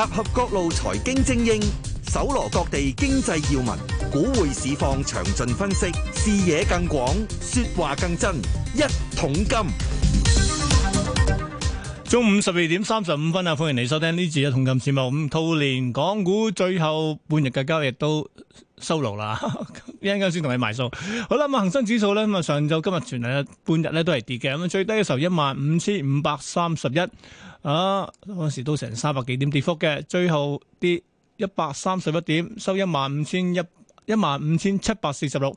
集合各路財經精英，搜羅各地經濟要聞，股匯市況詳盡分析，視野更廣，說話更真。一桶金，中午十二點三十五分啊！歡迎你收聽呢次嘅一桶金節目。咁，兔年港股最後半日嘅交易都收牢啦，一陣間先同你埋數。好啦，咁恒生指數咧咁啊，上晝今日全日半日咧都係跌嘅，咁啊最低嘅時候一萬五千五百三十一。啊！嗰陣時都成三百幾點跌幅嘅，最後跌一百三十一點，收一萬五千一，一萬五千七百四十六，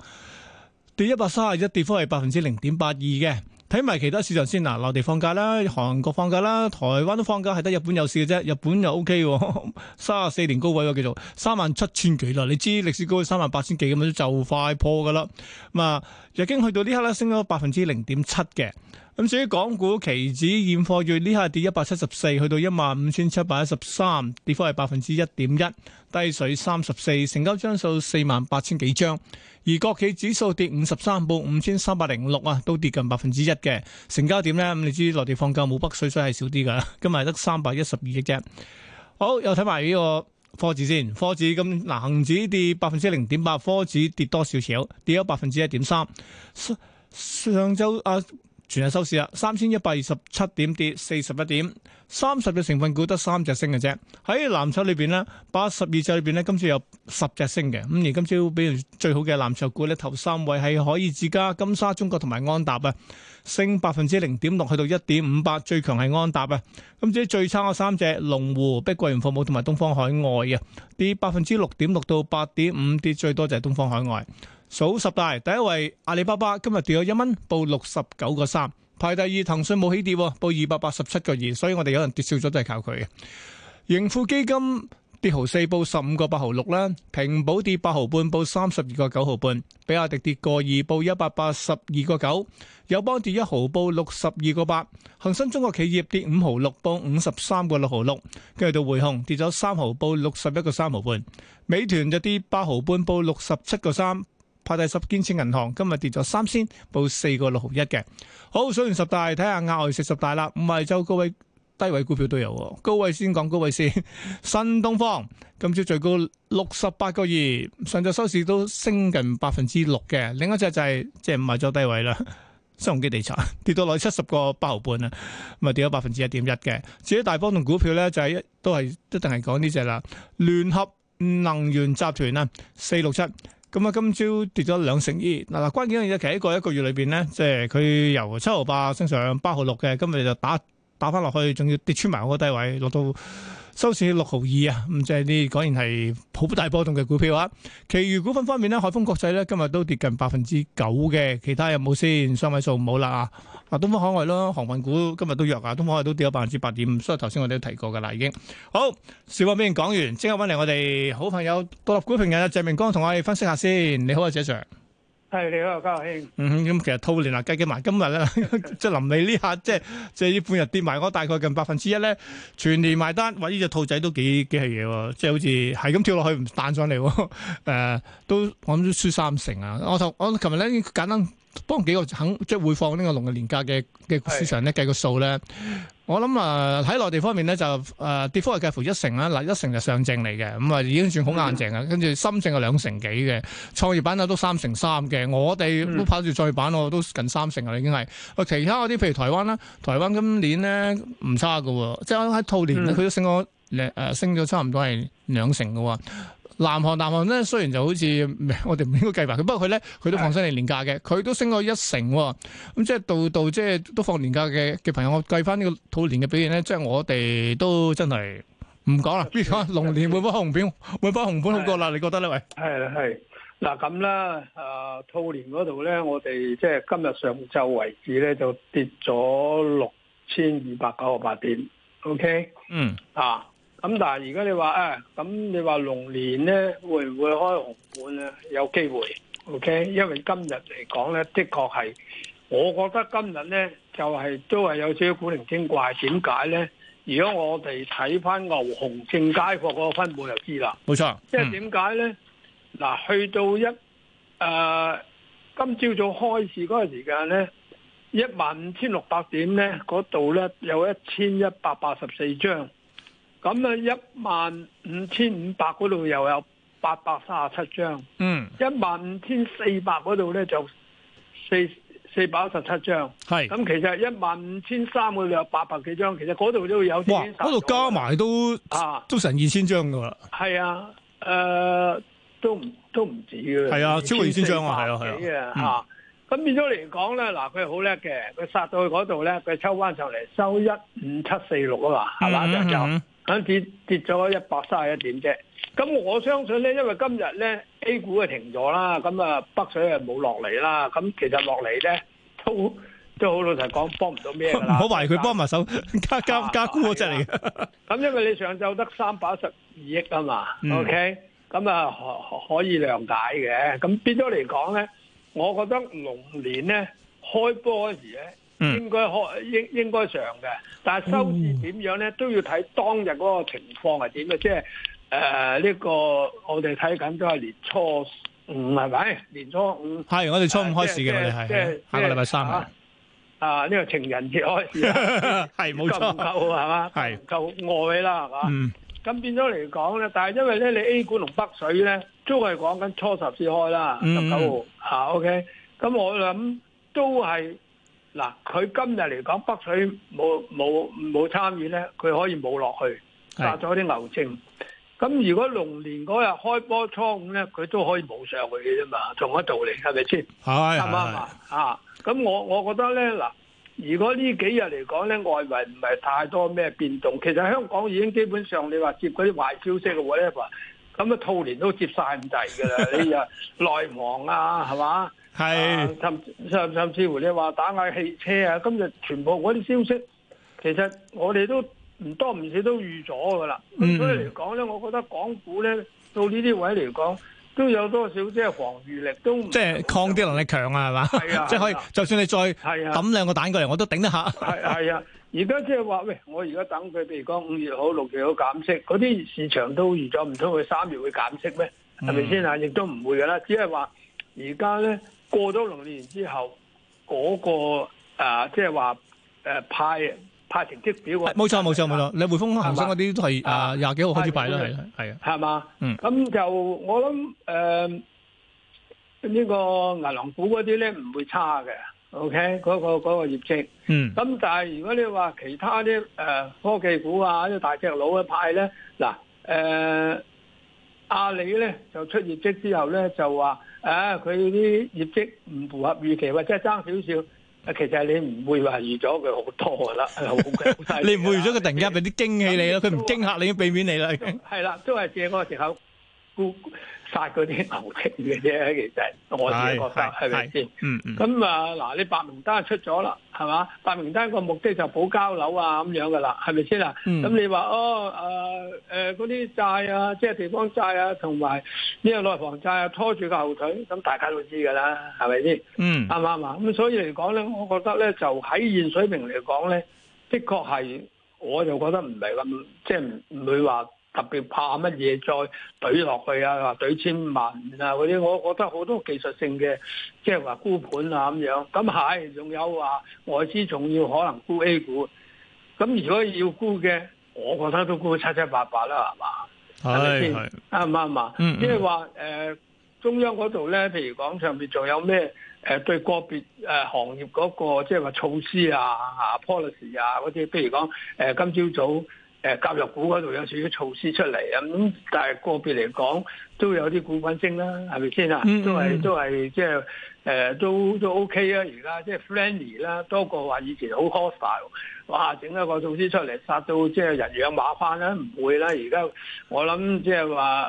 跌一百三十一，跌幅係百分之零點八二嘅。睇埋其他市場先嗱，內地放假啦，韓國放假啦，台灣都放假，係得日本有事嘅啫。日本又 O K 喎，三十四年高位喎，繼續三萬七千幾啦。你知歷史高位三萬八千幾咁樣，就快破噶啦。咁啊，日經去到刻呢刻啦，升咗百分之零點七嘅。咁至於港股期指現貨月呢，下跌一百七十四，去到一萬五千七百一十三，跌幅係百分之一點一，低水三十四，成交張數四萬八千幾張。而國企指數跌五十三，報五千三百零六啊，都跌近百分之一嘅，成交點呢，咁你知，內地放假冇北水，水係少啲噶。今日得三百一十二億啫。好，又睇埋呢個科指先，科指咁嗱，恒指跌百分之零點八，科指跌多少少？跌咗百分之一點三。上周啊。全日收市啦，三千一百二十七點跌四十一點，三十隻成分股得三隻升嘅啫。喺藍籌裏邊咧，八十二隻裏邊咧，今次有十隻升嘅。咁而今朝比如最好嘅藍籌股咧，頭三位係海爾智家、金沙中國同埋安踏啊，升百分之零點六，去到一點五八。最強係安踏啊。今次最差嘅三隻，龍湖、碧桂園服務同埋東方海外啊，跌百分之六點六到八點五，跌最多就係東方海外。數十大第一位，阿里巴巴今日跌咗一蚊，報六十九個三。排第二，騰訊冇起跌，報二百八十七個二。所以我哋有人跌少咗都係靠佢。盈富基金跌毫四，報十五個八毫六啦。平保跌八毫半，報三十二個九毫半。比亞迪跌個二，報一百八十二個九。友邦跌一毫報，報六十二個八。恒生中國企業跌五毫六，報五十三個六毫六。跟住到匯控跌咗三毫，報六十一個三毫半。美團就跌八毫半，報六十七個三。派第十，建設銀行今日跌咗三仙，報四個六毫一嘅。好，數完十大，睇下額外食十大啦。唔係就高位低位股票都有喎、哦。高位先講高位先，新東方今朝最高六十八個二，上晝收市都升近百分之六嘅。另一隻就係即係唔係咗低位啦，新鴻基地產跌到落七十個八毫半啊，咪跌咗百分之一點一嘅。至於大方同股票咧，就係、是、一都係一定係講呢隻啦，聯合能源集團啊，四六七。咁啊，今朝跌咗兩成二。嗱嗱，關鍵嘅嘢就係喺個一個月裏邊咧，即係佢由七號八升上八號六嘅，今日就打打返落去，仲要跌穿埋嗰個低位，落到。收市六毫二啊，咁即係啲果然係好大波動嘅股票啊。其餘股份方面咧，海豐國際咧今日都跌近百分之九嘅，其他有冇先？雙位數冇啦啊，東方海外咯，航運股今日都弱啊，東方海外都跌咗百分之八點五，所以頭先我哋都提過噶啦已經。好，小方面講完，即刻揾嚟我哋好朋友獨立股評人啊，謝明光同我哋分析下先。你好啊，謝 sir。係，你好，嘉樂兄。嗯，咁、嗯、其實兔年啊，計計埋今日咧， 即係臨尾呢下，即係即係呢半日跌埋，我大概近百分之一咧，全年埋單揾呢隻兔仔都幾幾係嘢喎，即係好似係咁跳落去唔彈上嚟喎、呃。都我諗都輸三成啊！我同我琴日咧簡單幫幾個肯即係會放呢個農曆年假嘅嘅市場咧計個數咧。我諗啊喺內地方面咧，就誒跌幅係介乎一成啦，嗱一成就上證嚟嘅，咁啊已經算好硬淨啦，跟住深證係兩成幾嘅，創業板都三成三嘅，我哋都跑住創業板咯，都近三成啦已經係，啊其他嗰啲譬如台灣啦，台灣今年咧唔差噶，即係喺兔年佢都、嗯、升咗誒、呃、升咗差唔多係兩成噶。南韓南韓咧，雖然就好似我哋唔應該計埋佢，不過佢咧佢都放新年年假嘅，佢都升過一成、哦，咁、嗯、即係到度，度即係都放年假嘅嘅朋友，我計翻、這個、呢個兔年嘅表現咧，即係我哋都真係唔講啦，如講啊？龍年會翻紅盤，會翻紅盤好過啦？你覺得呢？喂，係係嗱咁啦，啊兔年嗰度咧，我哋即係今日上晝為止咧，就跌咗六千二百九十八點，OK，嗯啊。咁但係如果你話啊，咁你話龍年咧會唔會開紅盤咧？有機會，OK。因為今日嚟講咧，的確係，我覺得今日咧就係、是、都係有少少古靈精怪。點解咧？如果我哋睇翻牛熊證街貨個分佈就知啦。冇錯，即係點解咧？嗱、就是，去到一誒、呃、今朝早開市嗰個時間咧，一萬五千六百點咧，嗰度咧有一千一百八十四張。咁咧，一萬五千五百嗰度又有八百三十七張。嗯，一萬五千四百嗰度咧就四四百一十七張。係咁，其實一萬五千三嗰度有八百幾張，其實嗰度都會有。哇！嗰度加埋都啊，都成二千張㗎喇。係啊，誒、呃、都唔都唔止嘅。係啊，超過二千張啊，係啊，係啊。咁變咗嚟講咧，嗱佢好叻嘅，佢、啊啊嗯、殺到去嗰度咧，佢抽翻上嚟收一五七四六啊嘛，係嘛？就就是。嗯反跌跌咗一百三十一點啫，咁我相信咧，因為今日咧 A 股啊停咗啦，咁啊北水啊冇落嚟啦，咁其實落嚟咧都都好老實講幫唔到咩㗎啦。唔好懷疑佢幫埋手加加加沽嗰隻嚟嘅。咁因為你上晝得三百一十二億啊嘛，OK，咁啊可可以諒解嘅。咁變咗嚟講咧，我覺得龍年咧開波嗰時咧。嗯、應該可應應該上嘅，但係收市點樣咧，都要睇當日嗰個情況係點嘅，即係誒呢個我哋睇緊都係年初五係咪？年初五，係我哋初五開始嘅、啊，我哋係，即係下個禮拜三啊，啊呢、這個情人節開始，係冇錯，夠係嘛，係夠愛啦，係嘛，咁、嗯、變咗嚟講咧，但係因為咧你 A 股同北水咧，都係講緊初十先開啦，十九號、嗯、啊，OK，咁我諗都係。嗱，佢今日嚟講北水冇冇冇參與咧，佢可以冇落去，揸咗啲牛證。咁如果龍年嗰日開波初五咧，佢都可以冇上去嘅啫嘛，同一道理係咪先？啱唔啱啊？咁我我覺得咧，嗱，如果呢幾日嚟講咧，外圍唔係太多咩變動，其實香港已經基本上你話接嗰啲壞消息嘅話咧，咁啊兔年都接曬咁滯㗎啦， 你又內行啊係嘛？係、啊，甚甚甚至乎你話打壓汽車啊，今日全部嗰啲消息，其實我哋都唔多唔少都預咗噶啦。所以嚟講咧，我覺得港股咧到呢啲位嚟講，都有多少即係防禦力都不即係抗跌能力強啊，係嘛？係啊，即係可以，就算你再抌兩、啊、個蛋過嚟，我都頂得下。係 係啊，而家即係話喂，我而家等佢，譬如講五月好、六月好減息，嗰啲市場都預咗，唔通佢三月會減息咩？係咪先啊？亦、嗯、都唔會噶啦，只係話而家咧。過咗龍年之後，嗰、那個誒，即係話誒派派成績表，冇錯冇錯冇錯，你匯豐恒生嗰啲都係誒廿幾號開始派啦，係啦係啊，係嘛，嗯，咁就我諗誒呢個銀行股嗰啲咧唔會差嘅，OK，嗰、那個嗰、那個業績，嗯，咁但係如果你話其他啲誒、呃、科技股啊，啲、那個、大隻佬嘅派咧，嗱誒、呃、阿里咧就出業績之後咧就話。啊！佢啲業績唔符合預期，或者爭少少，其實你唔會話預咗佢好多噶啦，好 你唔會預咗佢突然間俾啲驚喜你咯，佢唔驚嚇你，已經避免你啦。係啦，都係借我嘅時候。 殺嗰啲流嘅啫，其實我自己覺得係咪先？嗯嗯。咁啊，嗱，你白名單出咗啦，係嘛？白名單個目的就補交樓啊咁樣嘅啦，係咪先啦？咁、嗯、你話哦誒誒嗰啲債啊，即係地方債啊，同埋呢個內房債啊，拖住個後腿，咁大家都知嘅啦，係咪先？嗯，啱唔啱啊？咁所以嚟講咧，我覺得咧，就喺現水平嚟講咧，的確係，我就覺得唔係咁，即係唔會話。特別怕乜嘢再懟落去啊？話懟千萬啊嗰啲，我覺得好多技術性嘅，即係話沽盤啊咁樣。咁係，仲有話外資仲要，可能沽 A 股。咁如果要沽嘅，我覺得都沽七七八八啦，係嘛？係先啱唔啱啊？即係話誒，中央嗰度咧，譬如講上邊仲有咩誒、呃，對個別誒、呃、行業嗰個即係話措施啊啊 policy 啊嗰啲，譬如講誒、呃，今朝早。誒教育股嗰度有少少措施出嚟啊，咁但係個別嚟講都有啲股份升啦，係咪先啊？都係都係即係誒都都 OK 啊！而家即係 friendly 啦，多過話以前好 hostile。哇！整一個措施出嚟，殺到即係人仰馬翻啦，唔會啦。而家我諗即係話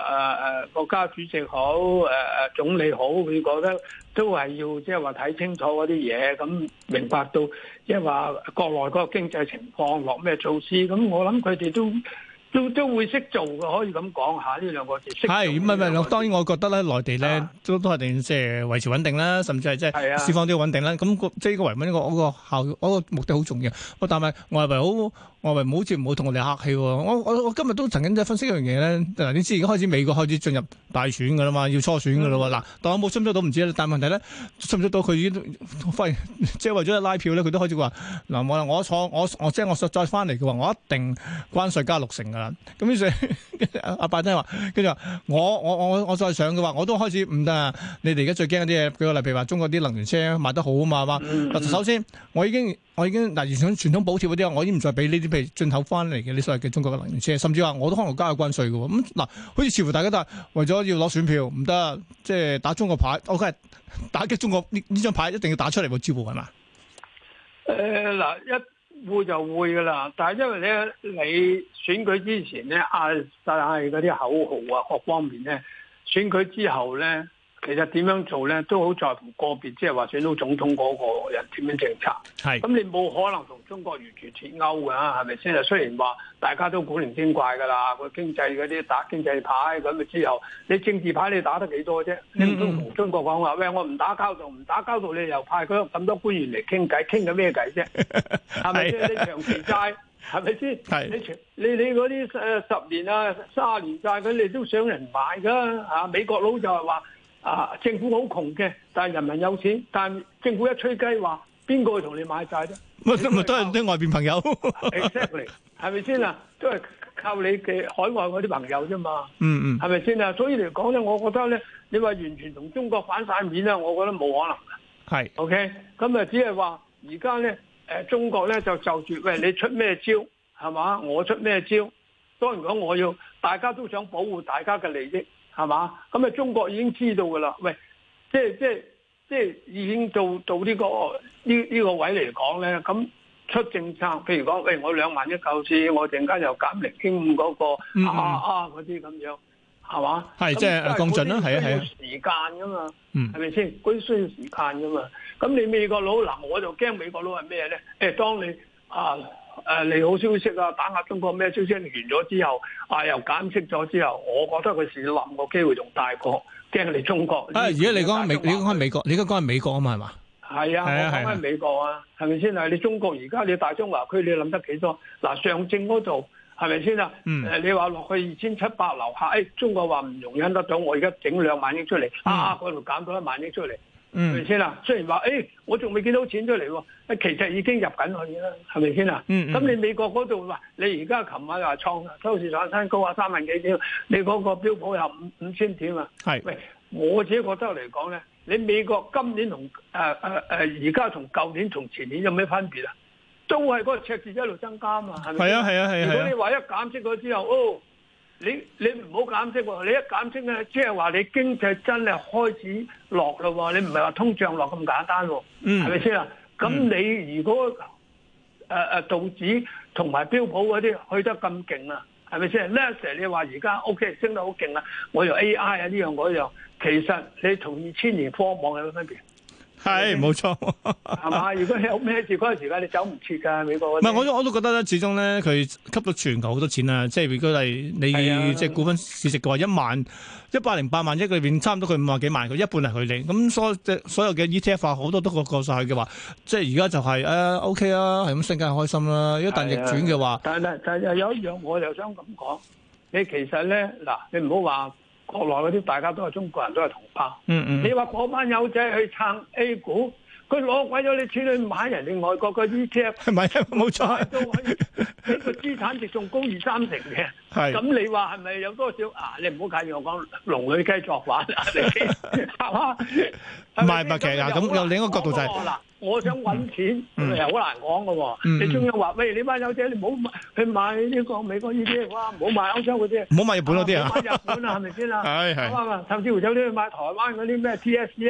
誒誒國家主席好誒誒、呃、總理好，佢覺得。都係要即係話睇清楚嗰啲嘢，咁明白到即係話國內嗰個經濟情況落咩措施，咁我諗佢哋都都都會識做嘅，可以咁講下呢兩個字。係唔係唔係？當然我覺得咧，內地咧都都係定即係維持穩定啦，甚至係即係釋放啲穩定啦。咁即係呢個維穩呢個嗰個效嗰個目的好重要。我但係我係咪好？我咪唔好，好似唔好同我哋客氣。我我我今日都曾經都分析一樣嘢咧。嗱，你知而家開始美國開始進入大選㗎啦嘛，要初選㗎啦。嗱，但我冇追唔追到唔知，但問題咧，追唔追到佢已經，反而即係為咗拉票咧，佢都開始話：嗱，我我坐我我即係我再翻嚟嘅話，我一定關稅加六成㗎啦。咁於是，於是，於是阿阿伯真係話，跟住話我我我我再上嘅話，我都開始唔得啊！你哋而家最驚嗰啲嘢，舉個例譬如話，中國啲能源車賣得好啊嘛，話、嗯、首先我已經。我已經，嗱，原本傳統補貼嗰啲，我已經唔再俾呢啲，譬如進口翻嚟嘅呢所謂嘅中國嘅能源車，甚至話我都可能加下關稅嘅。咁、嗯、嗱、啊，好似似乎大家都係為咗要攞選票，唔得，即係打中國牌，我梗係打擊中國呢呢張牌一定要打出嚟喎，招呼係嘛？誒嗱，呃、一會就會嘅啦，但係因為咧，你選舉之前咧啊，晒係嗰啲口號啊，各方面咧，選舉之後咧。其實點樣做咧，都好在乎個別，即係話選到總統嗰個人點樣政策。係咁，那你冇可能同中國完全脫鈎噶，係咪先？雖然話大家都古靈精怪噶啦，佢經濟嗰啲打經濟牌咁啊，之後你政治牌你打得幾多啫？你都同中國講話，嗯、喂，我唔打交道，唔打交道，你又派咁多官員嚟傾偈，傾緊咩偈啫？係咪先？ 你長期債係咪先？你你你嗰啲誒十年啊卅年債，佢哋都想人買噶吓、啊，美國佬就係話。啊！政府好窮嘅，但係人民有錢。但係政府一吹雞話，邊個去同你買債啫？咪都都係啲外邊朋友 exactly 係咪先啊？都係靠你嘅海外嗰啲朋友啫嘛。嗯嗯，係咪先啊？所以嚟講咧，我覺得咧，你話完全同中國反曬面咧，我覺得冇可能。係 OK，咁、嗯、啊，只係話而家咧，誒中國咧就就住喂你出咩招係嘛？我出咩招？當然講我要大家都想保護大家嘅利益。係嘛？咁啊，中國已經知道噶啦。喂，即係即係即係已經到到，這個這個、位來呢個呢呢個位嚟講咧，咁出政策，譬如講，喂、欸，我兩萬一舊次，我陣間又減零點五嗰個、嗯、啊啊嗰啲咁樣，係、啊、嘛？係、啊、即係降準啦，係係。時間噶嘛，係咪先？嗰啲需要時間噶嘛。咁、嗯、你美國佬嗱，我就驚美國佬係咩咧？誒，當你啊～誒、呃，利好消息啊！打壓中國咩消息完咗之後，啊、哎、又減息咗之後，我覺得佢市立個機會仲大過，驚佢哋中國。啊！而家你講美，你講開美國，你而家講係美國啊嘛，係嘛、啊？係啊，我講開美國啊，係咪先啊，啊？你中國而家你大中華區你諗得幾多？嗱、啊，上證嗰度係咪先啊？誒、嗯，你話落去二千七百樓下，誒、哎，中國話唔容忍得到，我而家整兩萬億出嚟，啊嗰度減到一萬億出嚟。嗯咪先啦？雖然話，誒、欸，我仲未見到錢出嚟喎，其實已經入緊去啦，係咪先啦？咁、嗯嗯、你美國嗰度話，你而家琴晚又話創收市創新高啊，三萬幾點，你嗰個標普又五五千點啊？係，喂，我自己覺得嚟講咧，你美國今年同誒誒而家同舊年同前年有咩分別啊？都係嗰個赤字一路增加啊嘛，係咪？係啊係啊係啊！如果你話一減息咗之後，啊啊啊、哦～你你唔好減息喎，你一減息咧，即係話你經濟真係開始落咯喎，你唔係話通脹落咁簡單喎，係咪先啊？咁你如果誒誒、呃、道指同埋標普嗰啲去得咁勁啊，係咪先？呢一時你話而家 OK 升得好勁啊，我用 AI 啊呢樣嗰樣，其實你同二千年科網有乜分別？係冇錯，係嘛、嗯？小 mile 如果 money, 如果你有咩事嗰陣時你走唔切噶美國。唔係，我都我都覺得咧，始終咧佢吸到全球好多錢啦。即係如果係你即係股份市值嘅話，一萬一百零八萬億，面，差唔多佢五萬幾萬，佢一半係佢哋。咁所即所有嘅 E T F 化，好多都過個晒去嘅話，即係而家就係誒 O K 啊，係咁升緊開心啦。一旦逆轉嘅話，但係但係有一樣，我就想咁講，你其實咧嗱，你唔好話。國內嗰啲大家都係中國人都係同胞。嗯嗯，你話嗰班友仔去撐 A 股，佢攞鬼咗你錢去買人哋外國嘅 ETF，唔係冇錯，都可以喺個資產值仲高二三成嘅，係，咁你話係咪有多少啊？你唔好介意我講龍女雞作法，係嘛？唔係唔係，其實咁又另一個角度就係、啦。我想揾錢，又、嗯、好難講嘅喎。你仲要話，喂，你班友仔，你唔好去買呢個美國呢啲，哇，唔好買歐洲嗰啲，唔好買日本嗰啲、啊，唔、啊、好買日本啦、啊，係咪先啦？係、哎、係、啊。甚至乎有啲去買台灣嗰啲咩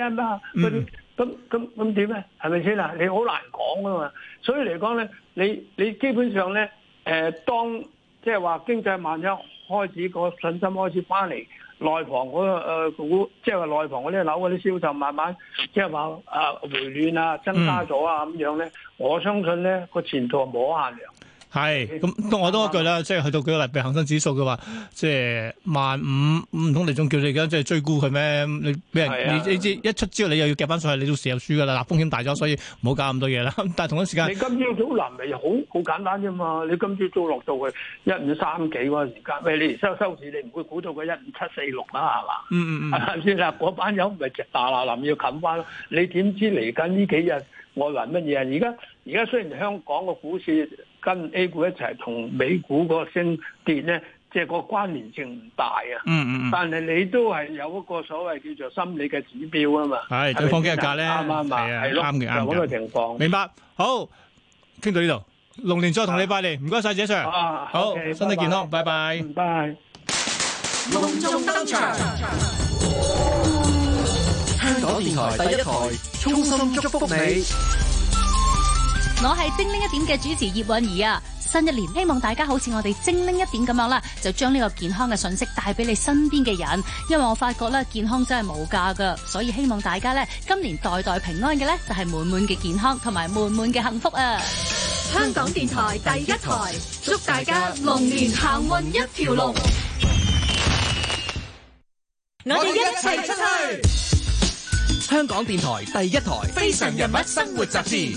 TSM 啦，啲咁咁咁點咧？係咪先啦？你好難講啊嘛。所以嚟講咧，你你基本上咧、呃，當即係話經濟萬一開始個信心開始翻嚟。內房嗰個誒股，即係話內房嗰啲樓嗰啲銷售慢慢，即係話啊，啊回暖啊增加咗啊咁樣咧，我相信咧個前途冇限量。係咁多，我多一句啦，即係去到舉個例，譬如恒生指數嘅話，即係萬五，唔通你仲叫你而家即係追沽佢咩？你俾人你,你知一出之後，你又要夾翻上去，你到時又輸噶啦。嗱，風險大咗，所以唔好搞咁多嘢啦。但係同一時間，你今朝早嚟又好好簡單啫嘛。你今朝早落到去一五三幾嗰陣時間，喂，你收收市你唔會估到佢一五七四六啦，係嘛？嗯嗯係咪先啦？嗰班友唔係直打打臨要冚翻，你點知嚟緊呢幾日外圍乜嘢啊？而家而家雖然香港個股市，跟 A 股一齊同美股個升跌咧，即係個關聯性唔大啊。嗯嗯，嗯但係你都係有一個所謂叫做心理嘅指標啊嘛。係再放幾日假咧，係啊，係咯、啊，啱嘅，啱嘅。就咁個情況。明白。好，傾到呢度，龍年再同你拜年，唔該晒，謝，謝謝 Sir。好、啊 okay, 拜拜，身體健康，拜拜。拜，拜。隆重登場，香港電台第一台，衷心祝福你。我係精靈一點嘅主持葉蘊儀啊，新一年希望大家好似我哋精靈一點咁樣啦，就將呢個健康嘅信息帶俾你身邊嘅人，因為我發覺咧，健康真係無價噶，所以希望大家咧今年代代平安嘅咧，就係滿滿嘅健康同埋滿滿嘅幸福啊！香港電台第一台，祝大家龍年行運一條龍，我哋一齊出去。香港電台第一台，非常人物生活雜誌。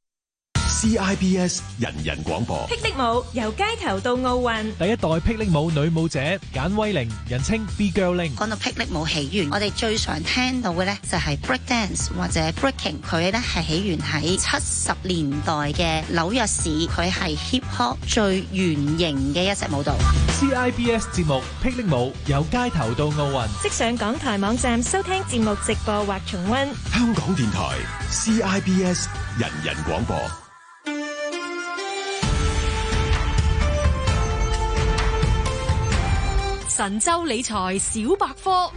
CIBS 人人廣播霹靂舞由街頭到奧運，第一代霹靂舞女舞者簡威玲，人稱 B Girl Ling。講到霹靂舞起源，我哋最常聽到嘅呢就係 break dance 或者 breaking。佢呢係起源喺七十年代嘅紐約市，佢係 hip hop 最原型嘅一隻舞蹈。CIBS 節目霹靂舞由街頭到奧運，即上港台網站收聽節目直播或重温。香港電台 CIBS 人人廣播。神州理財小百科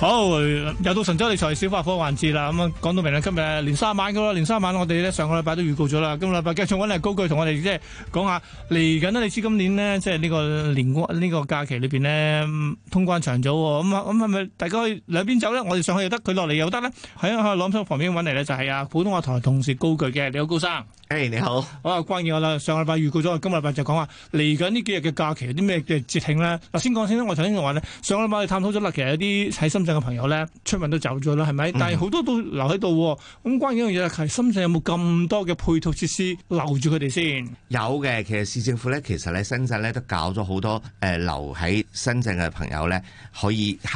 好又到神州理財小百科環節啦，咁啊講到明啦，今日年三晚噶咯，年三晚我哋咧上個禮拜都預告咗啦，今個禮拜繼續揾嚟高句同我哋即係講下嚟緊呢，你知今年呢，即係呢個年呢、這個這個假期裏邊呢，通關長早，咁啊咁係咪大家去兩邊走咧？我哋上去又得，佢落嚟又得咧，喺、就是、啊攞咗旁邊揾嚟咧就係啊普通話台同事高句嘅，你好高生。誒、hey，你好！我啊，關於我啦，上禮拜預告咗，今日就講話嚟緊呢幾日嘅假期，有啲咩嘅節慶咧？嗱，先講先啦，我頭先就話咧，上禮拜我探討咗啦，其實有啲喺深圳嘅朋友咧，出門，都走咗啦，係咪？但係好多都留喺度。咁、嗯、關於呢樣嘢，係深圳有冇咁多嘅配套設施留住佢哋先？有嘅，其實市政府咧，其實咧深圳咧都搞咗好多誒、呃，留喺深圳嘅朋友咧可以。